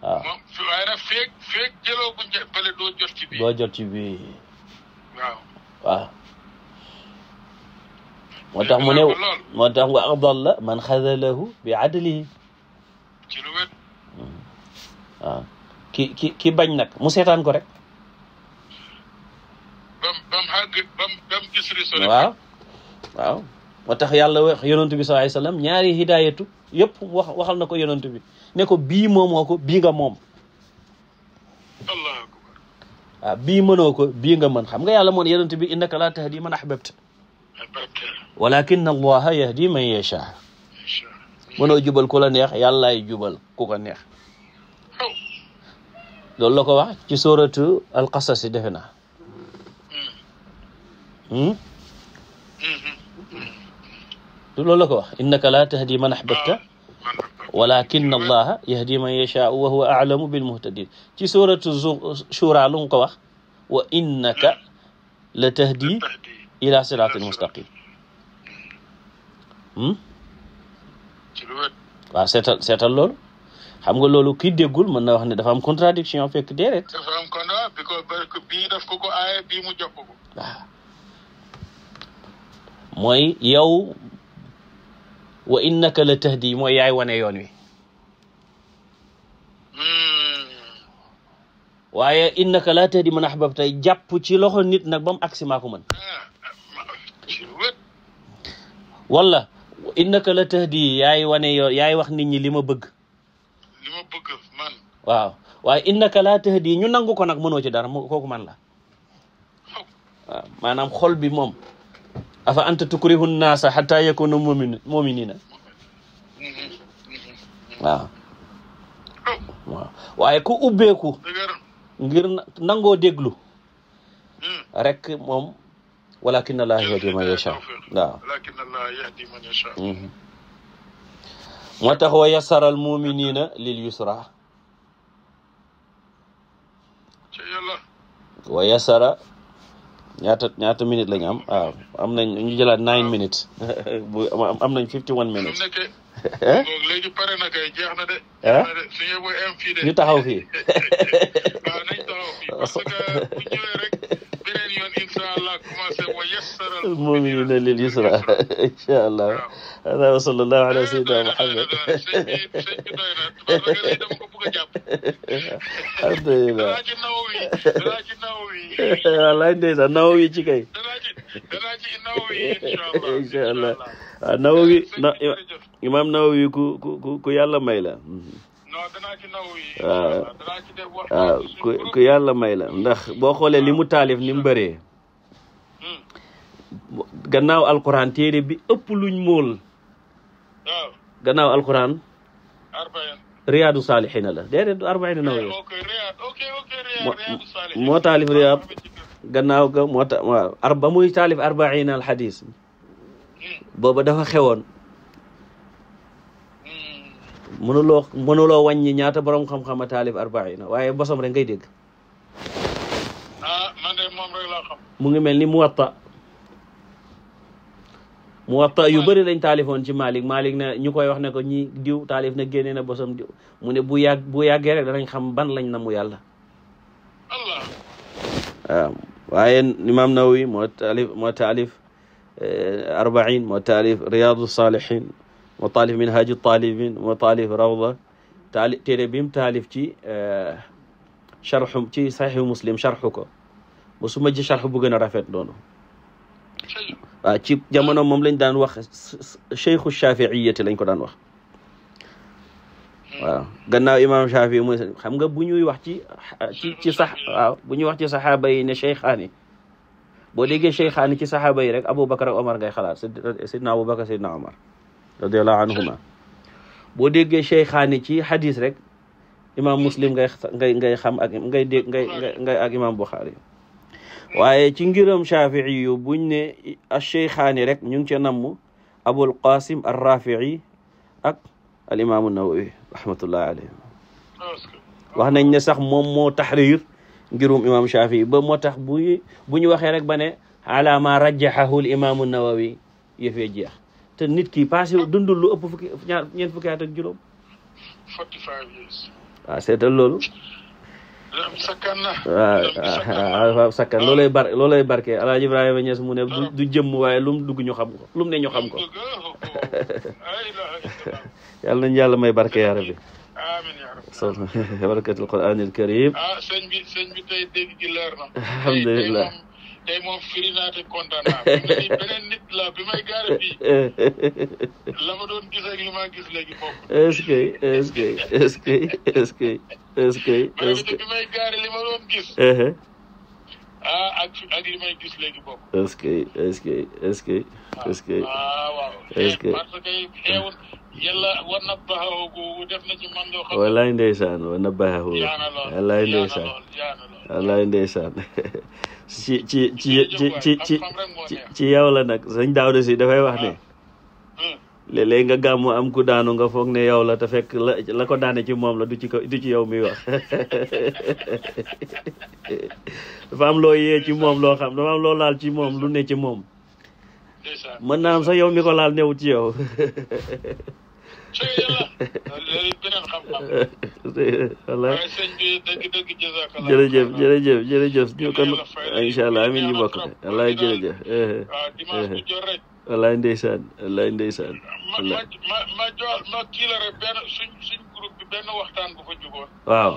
ah. doo jot ci bii waaw ah. moo tax mu moo tax wa adalla man xadalahu bi adlihi hmm. ah. ki bañ nag mu seetaan ko rek waaw moo tax yàlla wax yonantu bi sallallahu alayhi wasallam ñaari hidaayatu waxal na ko yonantu bi ne ko bii moomoo ko bii nga moom ah, bii mënoo ko bii nga mën xam nga yàlla moon yonantu bi innaka laa tahdi man ahbabta walakin allaha yahdi man yasha mënoo jubal ku la neex yàllaay jubal ku neex oh. loolu la ko wax ci sóoratu alqasas defe naa hmm. Hmm? Hmm, du loolu la ko wax innaka laa tahdi man ahbabta walakin allaha yahdi man yashaau wa huwa aalamu bilmuhtadin ci suratu shura lu mu ko wax wa innaka la tahdi ila siraatil mustaqim hmm? waaw seetal seetal loolu xam nga loolu kii déggul mën na wax ne dafa am contradiction fekk déedéet dafa am contradiction bii daf ko ko aaye bii mu jox ko waaw mooy yow wa innaka la tahdi mooy yaay wane yoon wi hmm. waaye innaka la tahdi man ahbabta jàpp ci loxo nit nag ba mu agsi maa ko mën wala innaka la tahdi yaay wane yoon yaay wax nit ñi li ma bëgg waaw waaye innaka la tahdi ñu nangu ko nag mënoo ci dara kooku man la oh. waaw maanaam xol bi moom afa anta tukrihu nnaasa xata yakunu mumin muminina waaw waaw waaye ku ubbeeku ngir nangoo déglu rek moom walakin allah yahdi man yacha waaw mhm. moo tax wa yasara al muminina lil yusra wa yasara ñaata ñaata minute la am waaw ah, am nañ ñu jëlaat nine ah. minutes am nañ fifty one minutes. Eh? léegi eh? ñu taxaw fii. waaw taxaw fii beneen yoon incha allah commencé wa yassaral mu'minina lil yusra incha allah ana wa sallallahu ala sayyidina Muhammad alhamdulillah wallaay ndeysaan nawawi ci kay incha allah ah, nawawi imaam nawawi ku ku ku yàlla may la hmm. waaw ah. waaw ah, ku ku yàlla may la ndax boo xoolee li mu taalif ni mu ah. bëree hmm. gannaaw alquran téere bi ëpp luñ mool gannaaw alquran riyaadu saalihiina la déedéet du arbaina nawawi eh, moo taalif riyaad gannaaw ga moo ta waaw ar ba muy taalif arbaina al hadis hmm. booba dafa xewoon mënuloo mënuloo wàññi ñaata borom xam-xam a taalif waaye bosom rek ngay dégg. Ah, mu ngi mel ni mu muwatta yu bari lañ taalifoon ci Malik Malik ne ñu koy wax ne ko ñi diw taalif na génnee na bosam diw mu ne bu yàgg bu yàggee rek danañ xam ban lañ na mu yàlla. allah. waaw waaye Imam Nawawi moo taalif moo taalif eh, arbain moo taalif Riyadu Salihin moo taalif minhaaju taalibin moo taalif rawda taali téere bi mu taalif ci charxu ci saxihu muslim charxu ko ba su ma bu gën a rafet noonu ci jamono moom lañ daan wax cheikhu shafiiyati lañ ko daan wax waaw gannaaw imaam Shaafi mooy xam nga bu ñuy wax ci ci sax bu ñuy wax ci saxaaba yi ne cheykhaani boo déggee cheykhaani ci saxaaba yi rek Aboubacar ak Omar xalaat Seydina Aboubacar Seydina Omar radiallahu anhuma boo déggee cheykhaani ci xadis rek imam muslim ngay ngay xam ak buxaari waaye ci ngiram shafii bu buñ ne al rek ñu ngi ca namm abul qasim ak al imaamu nawawi rahmatullahi alayhi wax nañ ne sax moom moo taxrir ngirum imam shafii ba moo tax bu bu ñu waxee rek ba ne ala ma rajaxahu al te nit ki passé dundul lu ëpp fukki ñaar ñeent fukki at juróom. 45 years. Ah, loolu. loolu ah, ah, sakkan loolay bar loolay barke El Hadj Ibrahima Niass mu ne du jëmm waaye lu dugg ñu xam ko lu ne ñu xam ko. Oh, oh. yàlla nañu yàlla may barke yaa rabbi. amiin yaa rabbi so barakatul Qur'aanil Kariim. ah sëñ bi sëñ bi tey ndeysaan war ndeysaan. ci ci ci ci ci ci yow la nag sañ daaw de si dafay wax ne léeg nga gàmmu am ku daanu nga foog ne yow la te fekk la lako ko daane ci moom la du ci ko du ci yow mi wax dafa am loo yee ci moom loo xam loo laal ci moom lu ne ci moom mën naa am sax yow miko laal newut ci yow loolu beneen xam-xam. wallaahi waaye sëñ bi dëgg dëgg jazakallah. jërëjëf jërëjëf jërëjëf ñu kon incha allah amiin ñu bokk de la rek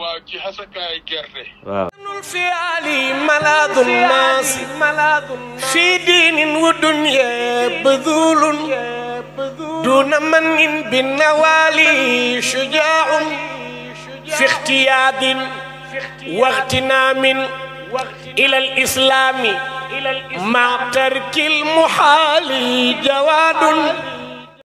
waaw ci xasakaay gerte waaw fiali maladu naas fi diinin wa dunya badulun duna manin bi nawali shujaaun fi ixtiyaadin واغتنام إلى الإسلام مع ترك المحال جواد